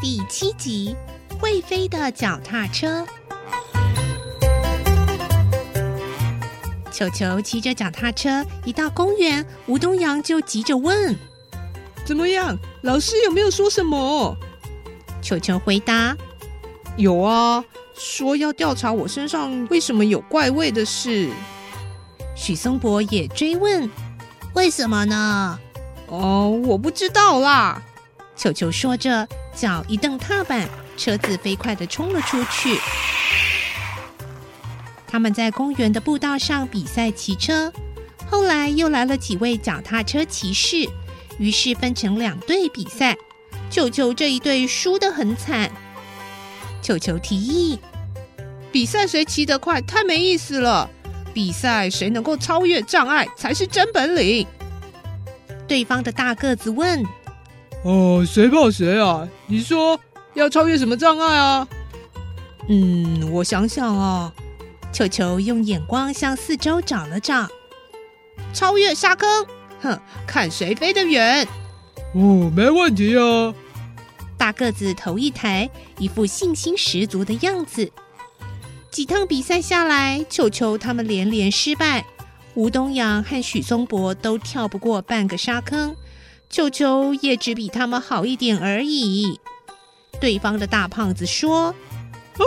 第七集，會飛的腳踏車。裘裘騎着腳踏車一到公園，吳東陽就急着問：“怎麼樣？老師有沒有說什麼？”裘裘回答：“有啊，說要調查我身上為什麼有怪味的事。”許松柏也追問：“為什麼呢？”“哦，我不知道啦。”裘裘說着。腳一蹬踏板，車子飛快地衝了出去。他們在公園的步道上比賽騎車，後來又來了幾位腳踏車騎士，於是分成兩隊比賽。裘裘這一隊輸得很慘。裘裘提議：比賽誰騎得快太沒意思了，比賽誰能夠超越障礙才是真本領。對方的大個子問。哦，誰怕誰啊！你說要超越什麼障礙啊？嗯，我想想啊、哦，裘裘用眼光向四周找了找，超越沙坑，哼，看誰飛得遠。哦，沒問題啊。大個子頭一抬，一副信心十足的樣子。幾趟比賽下來，裘裘他們連連失敗，吳東陽和許松柏都跳不過半個沙坑。裘裘也只比他們好一點而已。對方的大胖子說：“哦，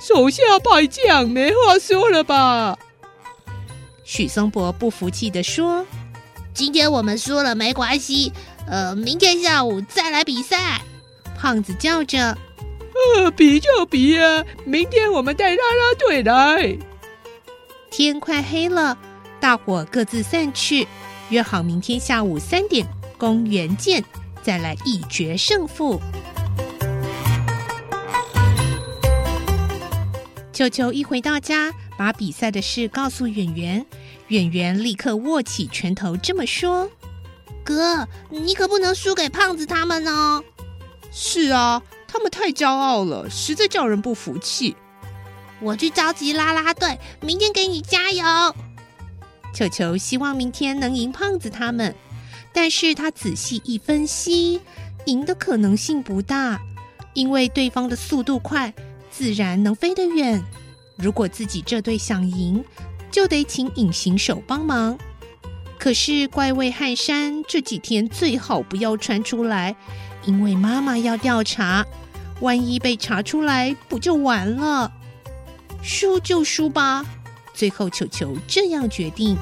手下敗將，沒話說了吧？”許松柏不服氣地說：“今天我們輸了沒關係，呃，明天下午再來比賽。”胖子叫着：“呃，比就比啊，明天我們帶拉拉隊來。”天快黑了，大夥各自散去，約好明天下午三點。公園見，再來一決勝負。裘裘一回到家，把比賽的事告訴遠遠，遠遠立刻握起拳頭，這麼說：“哥，你可不能輸給胖子他們哦！”“是啊，他們太驕傲了，實在叫人不服氣。”“我去召集拉拉隊，明天給你加油。”裘裘希望明天能贏胖子他們。但是他仔細一分析，贏的可能性不大，因為對方的速度快，自然能飛得遠。如果自己這隊想贏，就得請隱形手幫忙。可是怪味汗衫這幾天最好不要穿出來，因為媽媽要調查，萬一被查出來，不就完了？輸就輸吧，最後裘裘這樣決定。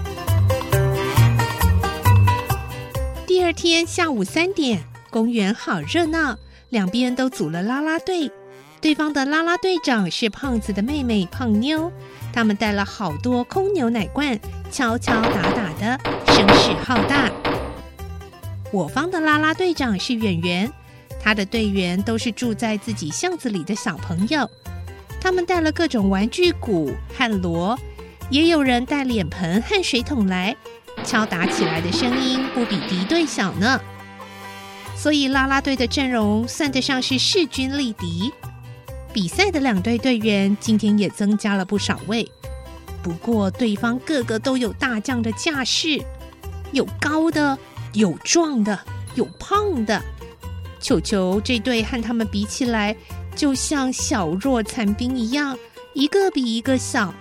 第二天下午三點，公園好熱鬧，兩邊都組了拉拉隊。對方的拉拉隊長是胖子的妹妹胖妞，他們帶了好多空牛奶罐，敲敲打打的，聲勢浩大。我方的拉拉隊長是遠遠，他的隊員都是住在自己巷子裡的小朋友，他們帶了各種玩具鼓和鑼，也有人帶臉盆和水桶來。敲打起來的聲音不比敵隊小呢，所以啦啦隊的陣容算得上是勢均力敵。比賽的兩隊隊員今天也增加了不少位，不過對方個個都有大將的架勢，有高的，有壯的，有胖的。裘裘這隊和他們比起來，就像小弱殘兵一樣，一個比一個小。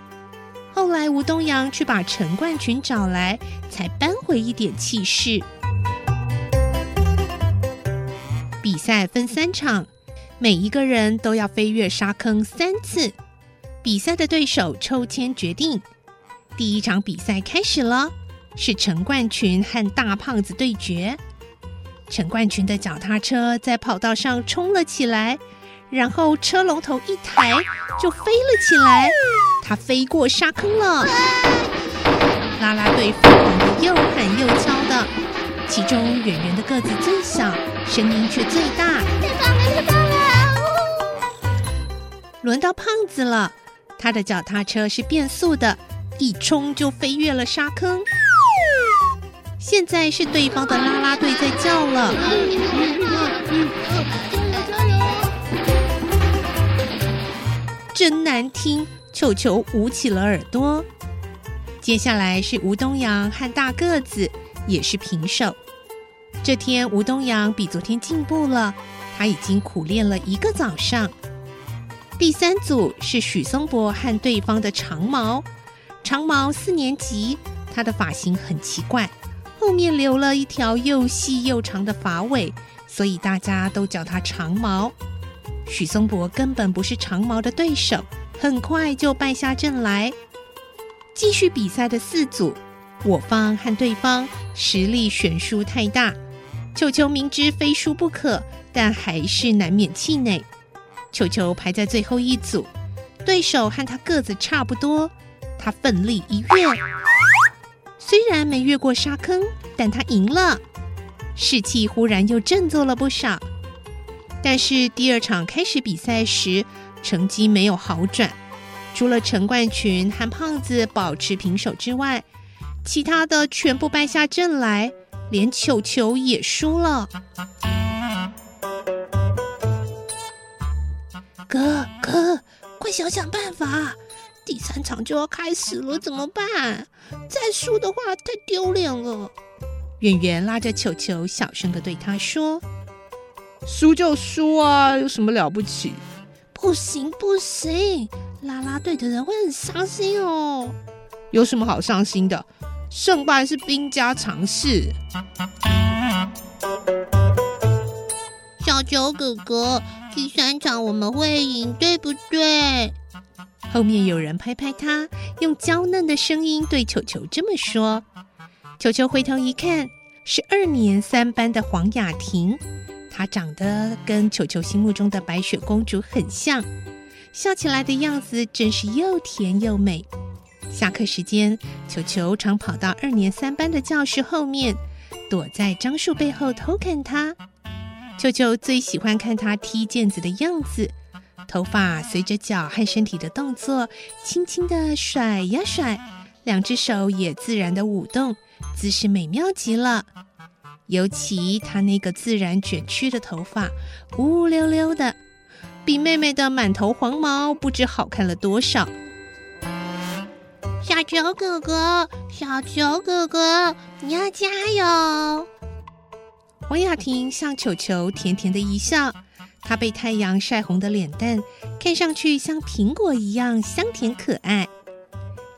後來，吳東陽去把陳冠群找來，才扳回一點氣勢。比賽分三場，每一個人都要飛越沙坑三次。比賽的對手抽籤決定，第一場比賽開始了，是陳冠群和大胖子對決。陳冠群的腳踏車在跑道上衝了起來，然後車龍頭一抬就飛了起來。他飛過沙坑了，啦啦、啊、隊瘋狂的又喊又敲的，其中圓圓的個子最小，聲音卻最大。嗯、輪到胖子了，他的腳踏車是變速的，一衝就飛越了沙坑。啊、現在是對方的啦啦隊在叫了，加油加油！真難聽。裘裘捂起了耳朵。接下來是吳東陽和大個子，也是平手。這天吳東陽比昨天進步了，他已經苦練了一個早上。第三組是許松柏和對方的長毛，長毛四年級，他的髮型很奇怪，後面留了一條又細又長的髮尾，所以大家都叫他長毛。許松柏根本不是長毛的對手。很快就敗下陣來。繼續比賽的四組，我方和對方實力懸殊太大。裘裘明知非輸不可，但還是難免氣餒。裘裘排在最後一組，對手和他個子差不多，他奮力一躍，雖然沒越過沙坑，但他贏了，士氣忽然又振作了不少。但是第二場開始比賽時，成績沒有好轉，除了陳冠群和胖子保持平手之外，其他的全部敗下陣來，連裘裘也輸了。哥哥，快想想辦法！第三場就要開始了，怎麼辦？再輸的話太丟臉了。圓圓拉着裘裘，小聲的對他說：“輸就輸啊，有什麼了不起？”不行不行，啦啦隊的人會很傷心哦。有什麼好傷心的？勝敗是兵家常事。小球哥哥，第三場我們會贏，對不對？後面有人拍拍他，用嬌嫩的聲音對球球這麼說。球球回頭一看，是二年三班的黃雅婷。她長得跟裘裘心目中的白雪公主很像，笑起來的樣子真是又甜又美。下課時間，裘裘常跑到二年三班的教室後面，躲在樟樹背後偷看她。裘裘最喜歡看她踢毽子的樣子，頭髮隨着腳和身體的動作輕輕地甩呀甩，兩隻手也自然地舞動，姿勢美妙極了。尤其他那個自然卷曲的頭髮，烏溜溜的，比妹妹的滿頭黃毛不知好看了多少。小球哥哥，小球哥哥，你要加油！王雅婷向球球甜甜的一笑，她被太陽曬紅的臉蛋，看上去像蘋果一樣香甜可愛。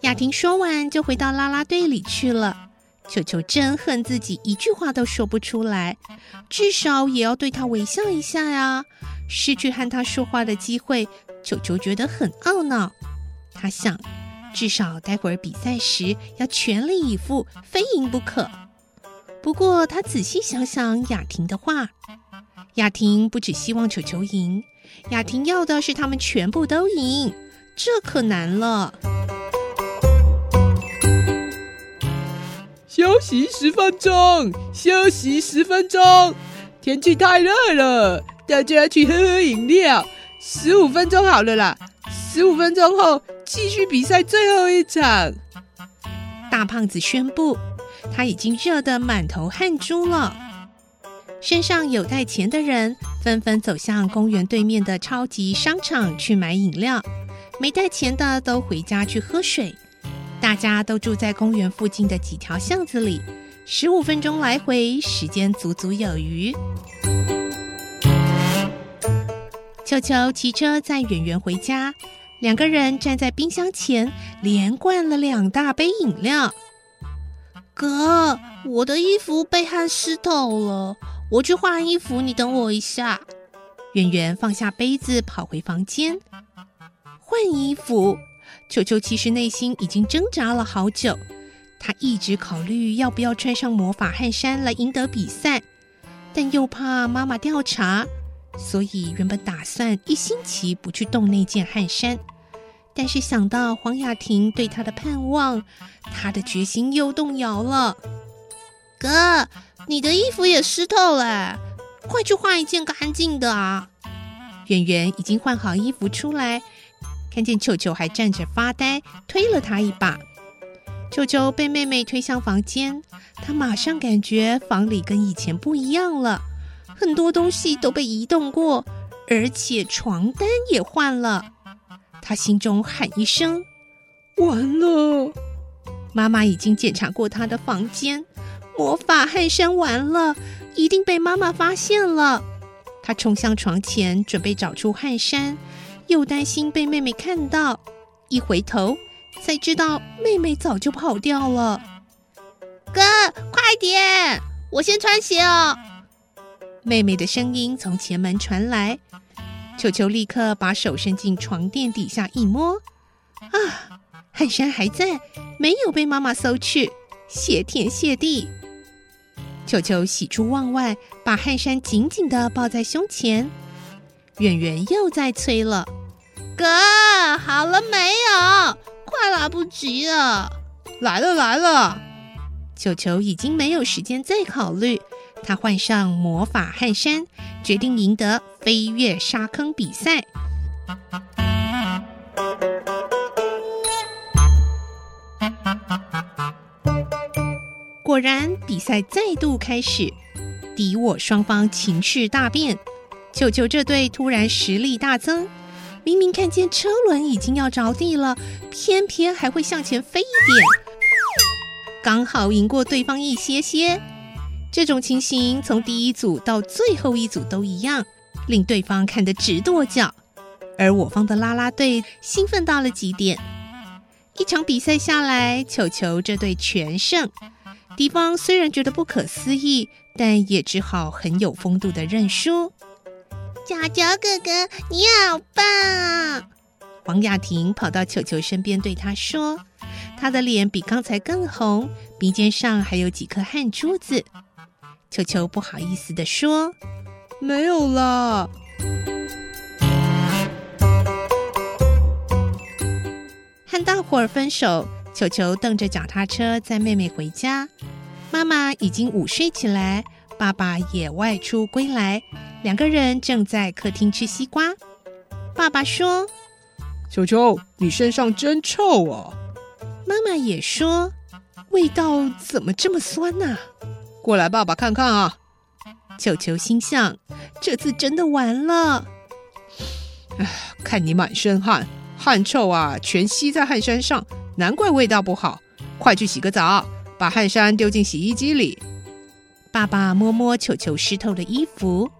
雅婷說完就回到啦啦隊裡去了。球球真恨自己一句話都說不出來，至少也要對他微笑一下呀！失去和他說話的機會，裘裘覺得很懊惱。他想，至少待會兒比賽時要全力以赴，非贏不可。不過他仔細想想雅婷的話，雅婷不只希望裘裘贏，雅婷要的是他們全部都贏，這可難了。休息十分鐘，休息十分鐘。天氣太熱了，大家去喝喝飲料。十五分鐘好了啦，十五分鐘後繼續比賽最後一場。大胖子宣布，他已經熱得滿頭汗珠了。身上有帶錢的人紛紛走向公園對面的超級商場去買飲料，沒帶錢的都回家去喝水。大家都住在公園附近的幾條巷子裡，十五分鐘來回時間足足有餘。裘裘騎車載圓圓回家，兩個人站在冰箱前，連灌了兩大杯飲料。哥，我的衣服被汗濕透了，我去換衣服，你等我一下。圓圓放下杯子，跑回房間換衣服。裘裘其實內心已經掙扎了好久，他一直考慮要不要穿上魔法汗衫來贏得比賽，但又怕媽媽調查，所以原本打算一星期不去動那件汗衫。但是想到黃雅婷對他的盼望，他的決心又動搖了。哥，你的衣服也濕透了，快去換一件乾淨的啊。圓圓已經換好衣服出來。看見裘裘還站着發呆，推了他一把。裘裘被妹妹推向房間，他馬上感覺房裡跟以前不一樣了，很多東西都被移動過，而且床單也換了。他心中喊一聲：“完了！”媽媽已經檢查過他的房間，魔法汗衫完了，一定被媽媽發現了。他衝向床前，準備找出汗衫。又擔心被妹妹看到，一回頭，才知道妹妹早就跑掉了。哥，快點，我先穿鞋哦。妹妹的聲音從前門傳來，裘裘立刻把手伸進床墊底下一摸，啊，汗衫還在，沒有被媽媽搜去，謝天謝地。裘裘喜出望外，把汗衫緊緊地抱在胸前。圓圓又在催了。哥，好了沒有？快來不及了、啊、來了！來了來了！裘裘已經沒有時間再考慮，他換上魔法汗衫，決定贏得飛躍沙坑比賽。果然，比賽再度開始，敵我雙方情勢大變，裘裘這隊突然實力大增。明明看見車輪已經要着地了，偏偏還會向前飛一點，剛好贏過對方一些些。這種情形從第一組到最後一組都一樣，令對方看得直跺腳，而我方的啦啦隊興奮到了極點。一場比賽下來，裘裘這隊全勝。敵方雖然覺得不可思議，但也只好很有風度的認輸。小喬哥哥，你好棒！王雅婷跑到球球身邊，對他說：“他的臉比剛才更紅，鼻尖上還有幾顆汗珠子。”球球不好意思地說：“沒有啦。”和大夥兒分手，球球蹬着腳踏車載妹妹回家。媽媽已經午睡起來，爸爸也外出歸來。兩個人正在客廳吃西瓜。爸爸說：“裘裘，你身上真臭啊！”媽媽也說：“味道怎麼這麼酸吶？”過來，爸爸看看啊！裘裘心想：“這次真的完了。”唉，看你滿身汗，汗臭啊，全吸在汗衫上，難怪味道不好。快去洗個澡，把汗衫丟進洗衣機裡。爸爸摸摸裘裘濕透的衣服。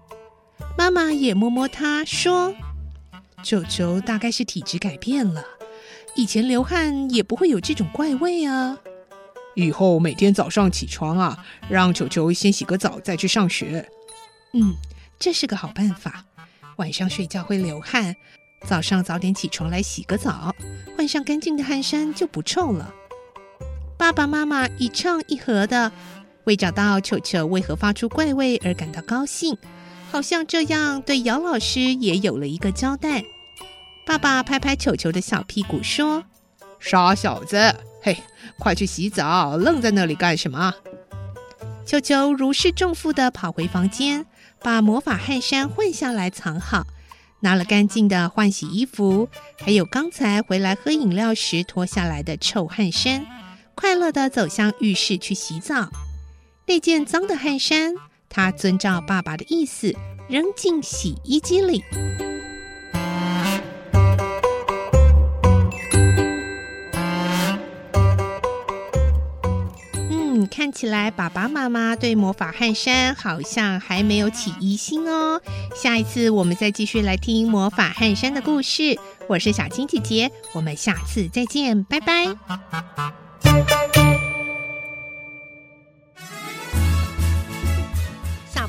媽媽也摸摸他，說：“裘裘大概是體質改變了，以前流汗也不會有這種怪味啊。以後每天早上起床啊，讓裘裘先洗個澡再去上學。嗯，這是個好辦法。晚上睡覺會流汗，早上早點起床來洗個澡，換上乾淨的汗衫就不臭了。”爸爸媽媽一唱一和的，為找到裘裘為何發出怪味而感到高興。好像這樣對姚老師也有了一個交代。爸爸拍拍裘裘的小屁股說：“傻小子，嘿，快去洗澡，愣在那裡幹什麼？”裘裘如釋重負地跑回房間，把魔法汗衫換下來藏好，拿了乾淨的換洗衣服，還有剛才回來喝飲料時脫下來的臭汗衫，快樂地走向浴室去洗澡。那件髒的汗衫。他遵照爸爸的意思，扔進洗衣機裡。嗯，看起來爸爸媽媽對魔法汗衫好像還沒有起疑心哦。下一次我們再繼續來聽魔法汗衫的故事。我是小青姐姐，我們下次再見，拜拜。拜拜。